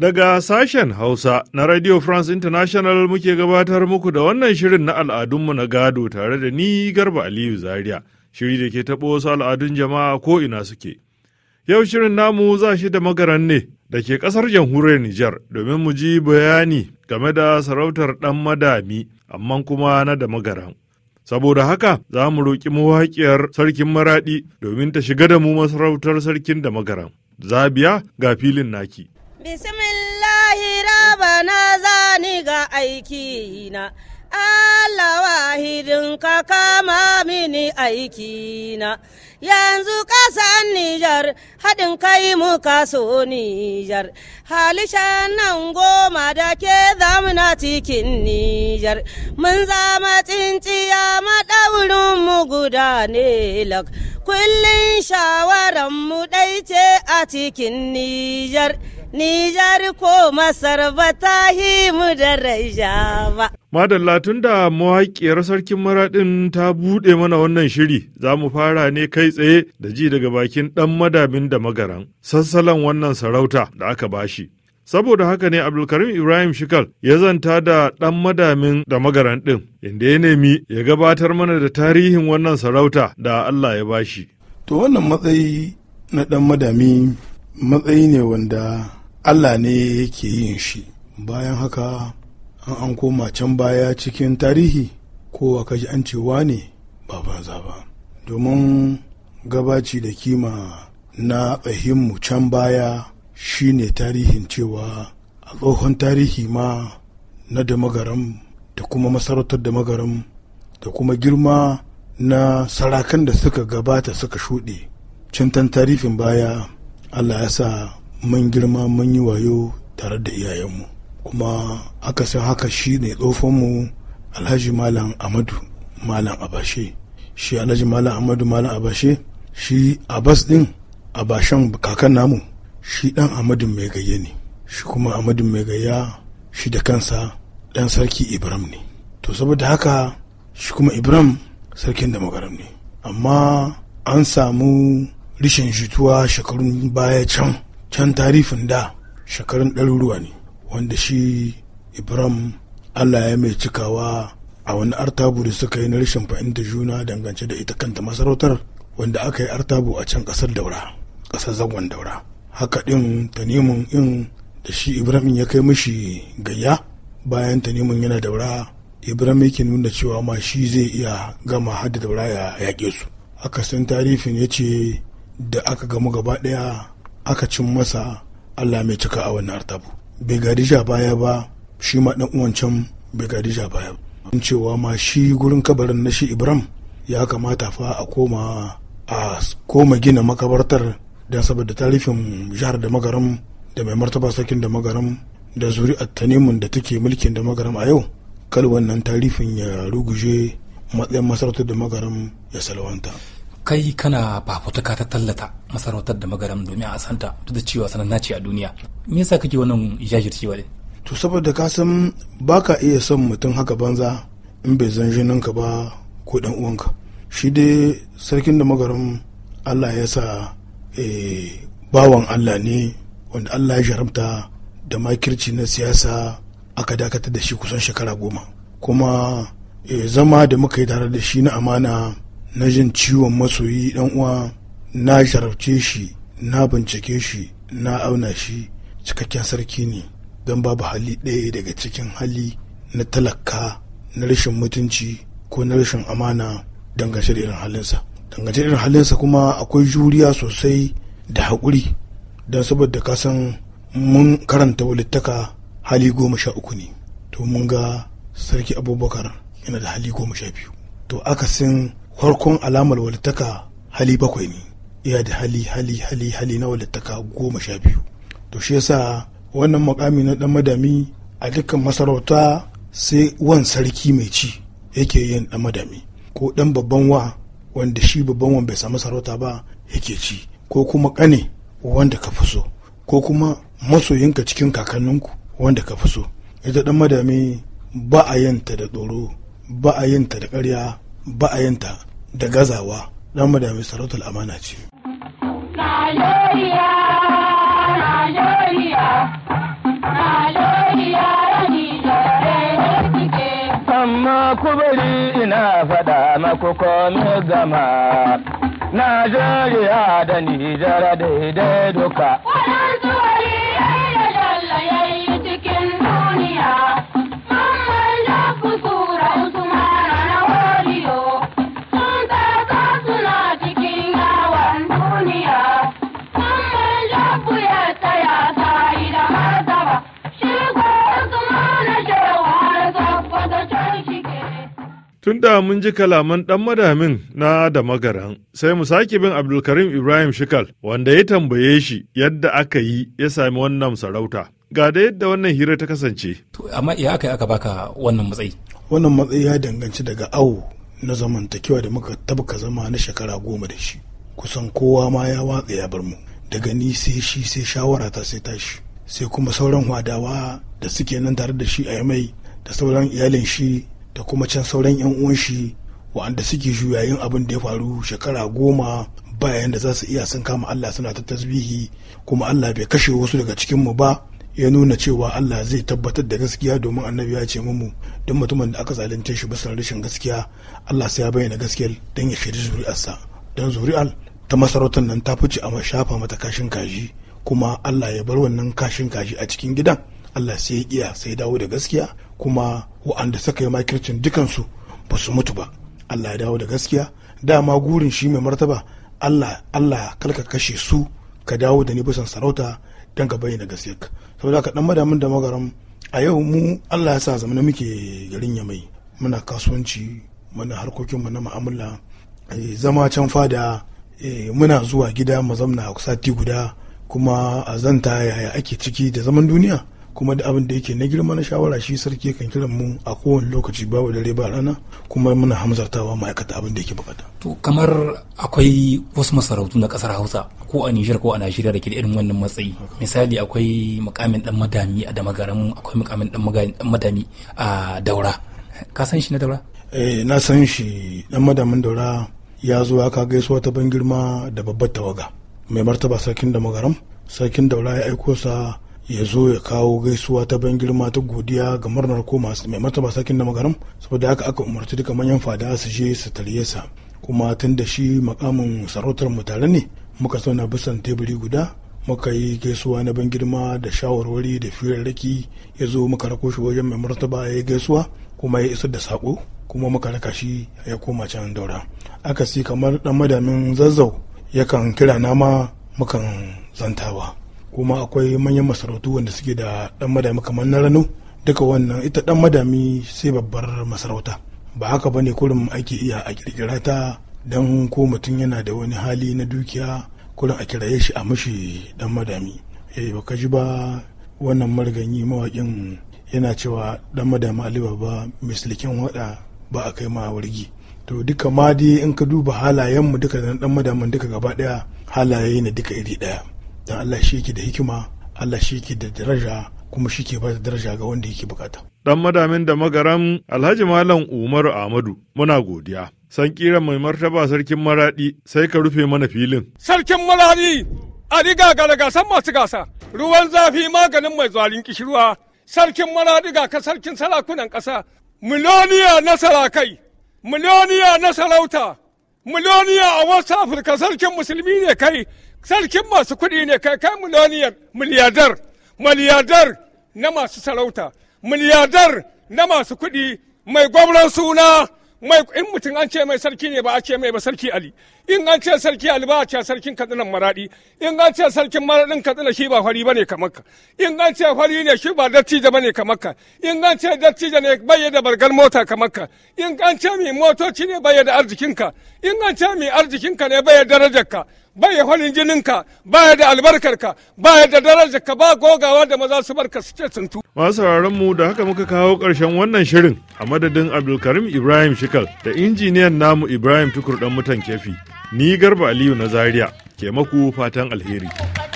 Daga sashen Hausa na Radio France International muke gabatar muku da wannan shirin na al'adunmu na gado tare da ni Garba Aliyu Zaria, shiri da ke taɓo wasu al'adun jama'a ko ina suke. Yau shirin namu za shi da magaran ne da ke ƙasar jamhuriyar Nijar domin mu ji bayani game da sarautar ɗan madami, amma kuma na da magaran. Saboda haka za mu roƙi mawaƙiyar sarkin maraɗi domin ta shiga da mu masarautar sarkin da magaran. Zabiya ga filin naki. Bismillahi rabana zani ga aiki na. Allah wahidin ka kama mini aiki na. Yanzu ƙasar Nijar haɗin kai muka so Nijar, halishan nan goma da ke zamuna cikin Nijar, mun zama tsinciya mu guda ne lak, shawaran mu dai ce a cikin Nijar. Nijar ko Masar ba ta yi mu da raija ba. Madalla tun da mawaƙiyar sarkin maraɗin ta buɗe mana wannan shiri za mu fara ne kai tsaye da ji daga bakin ɗan madamin da magaran sassalan wannan sarauta da aka bashi. Saboda haka ne Abdulkarim Ibrahim Shikal ya zanta da ɗan madamin da magaran ɗin inda ya nemi ya gabatar mana da tarihin wannan sarauta da Allah ya bashi. To wannan matsayi na ɗan madami matsayi ne wanda allah ne yake yin shi bayan haka an an koma can baya cikin tarihi kowa kaji an cewa ne ba banza ba domin gabaci da kima na tsahinmu can baya shine tarihin cewa a tsohon tarihi ma na da da kuma masarautar damagaram da kuma girma na sarakan da suka gabata suka shuɗe cintan tarihin baya allah ya sa mun girma mun yi wayo tare da iyayenmu kuma aka san haka shi ne tsofonmu alhaji malam amadu malam abashe shi alhaji malam amadu malam abashe shi abas din abashan kakan namu shi dan amadu mai gayya ne shi kuma amadu mai gayya shi da kansa dan sarki ibrahim ne to saboda haka shi kuma ibrahim sarkin da ne amma an samu rishin jituwa shekarun baya can can tarifin da shekarun ɗaruruwa ne wanda shi ibrahim allah ya mai cikawa a wani artabu da suka yi na rashin fahimta juna dangance da ita kanta masarautar wanda aka yi artabu a can ƙasar daura ƙasar zagon daura haka ɗin tanimun in da shi ibrahim ya kai mishi gayya bayan tanimun yana daura ibrahim yake nuna cewa ma shi zai iya gama hadda daura ya yaƙe su haka san tarifin ya ce da aka gamu gaba ɗaya aka cin masa Allah mai cika a wannan artabu bai gadija baya ba shi ma dan uwan can bai gadija baya ba cewa ma shi gurin kabarin na shi Ibrahim ya kamata fa a koma a koma gina makabartar da saboda tarifin jihar da magaram da mai martaba sakin da magaram da zuri'ar tanimun da take mulkin da magaram a yau kal wannan tarifin ya ruguje matsayin masarautar da magaram ya salwanta kai kana fafutuka ta tallata masarautar da magaram domin a santa duk da cewa sanan naci a duniya me yasa kake wannan jajircewa din to saboda ka san baka iya son mutum haka banza in bai zan jininka ba ko dan uwanka shi dai sarkin da magaram Allah ya sa eh, bawan Allah ne wanda Allah ya jaramta da makirci na siyasa aka dakatar da shi kusan shekara goma kuma eh, zama da muka yi tare da shi na amana na jin ciwon masoyi dan uwa na sharafce shi na bincike shi na auna shi cikakken sarki ne don babu hali ɗaya daga cikin hali na talaka na rashin mutunci ko na rashin amana dangance da irin halinsa dangance da irin halinsa kuma akwai juriya sosai da haƙuri don saboda ka san mun karanta walittaka hali goma sha uku ne to mun ga sarki abubakar yana da hali goma sha biyu to akasin Farkon alamar walittaka hali bakwai ne ya da hali hali hali hali na walittaka goma sha biyu to shi yasa wannan makami na dan madami a dukkan masarauta sai wan sarki mai ci yake yin dan madami ko dan babban wa wanda shi babban wan bai samu sarauta ba yake ci ko kuma kane wanda ka fi so ko kuma masoyinka cikin kakanninku wanda ka fi so ita dan madami ba a yanta da tsoro ba a yanta da ƙarya ba a yanta da gazawa dan madami sarautar amana ce. Amma ku bari ina faɗa maku komi gama, Najeriya da Nijar daidai duka. Wannan tsori ya yi da cikin duniya. Tun da mun ji kalaman ɗan madamin na da magaran, sai mu sake bin Abdulkarim Ibrahim Shikal, wanda ya tambaye shi yadda aka yi ya sami wannan sarauta. Ga da yadda wannan hira ta kasance. Amma ya aka yi aka baka wannan matsayi? Wannan matsayi ya danganci daga awo na zamantakewa da muka tabka zama na shekara goma da shi. Kusan kowa ma ya watsa ya bar mu. Daga ni sai shi sai shawara ta sai tashi. Sai kuma sauran hwadawa da suke nan tare da shi a mai da sauran iyalin shi da kuma can sauran 'yan uwan shi wa'anda suke juyayin abin da ya faru shekara goma bayan da za su iya sun kama Allah suna ta tasbihi kuma Allah bai kashe wasu daga cikin mu ba ya nuna cewa Allah zai tabbatar da gaskiya domin annabi ya ce mu don mutumin da aka zalunce shi bisa rashin gaskiya Allah sai ya bayyana gaskiyar don ya shiri zuri'arsa don zuri'ar ta masarautar nan ta fice a shafa mata kashin kaji kuma Allah ya bar wannan kashin kaji a cikin gidan Allah sai ya iya sai dawo da gaskiya kuma waɗanda suka yi makircin dukansu ba su mutu ba allah ya dawo da gaskiya dama gurin shi mai martaba allah allah kalka kashe su ka dawo da ni bisan sarauta don ka bayyana gaskiyarka saboda ka dan madamin da magaram a yau mu allah ya sa zama na muke garin mai muna kasuwanci muna harkokinmu na ma'amala eh, zama can fada eh, muna zuwa gida mu zamna sati guda kuma a zanta yaya ake ciki da zaman duniya kuma da abin da yake na girma na shawara shi sarki kan kiran mu a kowane lokaci babu dare ba rana kuma muna hamzartawa ma'aikata abin da yake bukata. To kamar akwai wasu masarautu na kasar Hausa ko a Nijar ko a Najeriya da ke da irin wannan matsayi. Misali akwai mukamin dan madami a Damagaram akwai mukamin dan madami a Daura. Ka san shi na Daura? Eh na san shi dan madamin Daura ya zo ya ka gaisuwa ta ban girma da babbar tawaga. Mai martaba sarkin Damagaram sarkin Daura ya aiko sa ya zo ya kawo gaisuwa ta ban girma ta godiya ga murnar ko masu mai martaba sakin da magaram saboda haka aka umarci duka manyan fada su je su tarye sa kuma tun da shi makamin sarautar mu ne muka zauna bisan teburi guda muka yi gaisuwa na ban girma da shawarwari da firarraki ya zo muka rako shi wajen mai martaba ya yi gaisuwa kuma ya isar da saƙo kuma muka raka shi ya koma can daura aka si kamar dan madamin zazzau yakan kira nama mukan zantawa kuma akwai manyan masarautu wanda suke da dan madami kamar na rano duka wannan ita dan madami sai babbar masarauta ba haka ba ne kurin ake iya a kirkira ta don ko mutum yana da wani hali na dukiya kurin a kiraye shi a mashi dan madami eh baka ji ba wannan marganyi mawakin yana cewa dan madami ali baba mislikin wada ba a kai ma wargi to duka ma dai in ka duba halayenmu duka da dan madamin duka gaba daya halaye ne duka iri daya don Allah shi yake da hikima Allah shi yake da daraja kuma shi ke ba da daraja ga wanda yake bukata dan madamin da magaram Alhaji Malam Umar Ahmadu muna godiya san kira mai martaba sarkin maradi sai ka rufe mana filin sarkin maradi a riga ga gasan masu gasa ruwan zafi maganin mai zalin kishirwa sarkin maradi ga ka sarkin sarakunan ƙasa miloniya na sarakai miloniya na sarauta miloniya a wasu afirka sarkin musulmi ne kai sarkin masu kuɗi ne kai kai miliyoniyar miliyardar miliyardar na masu sarauta miliyardar na masu kuɗi mai gwamnan suna mai in mutum an ce mai sarki ne ba a ce mai ba sarki ali in an ce sarki ali ba a ce sarkin katsinan maradi in an ce sarkin maradin katsina shi ba fari bane kamar ka in an ce fari ne shi ba dattijo bane kamar ka in an ce dattijo ne bai da bargar mota kamar ka in an ce mai motoci ne bai da arzikin ka in an ce mai arzikin ka ne bai da darajar ka bai ya farin jininka ba da albarkarka ba da ka ba gogawa da maza su barka su ce tuntu. masu sauraron mu da haka muka kawo ƙarshen wannan shirin a madadin abdulkarim ibrahim shikal da injiniyan namu ibrahim tukur dan mutan kefi ni garba aliyu na zaria ke maku fatan alheri.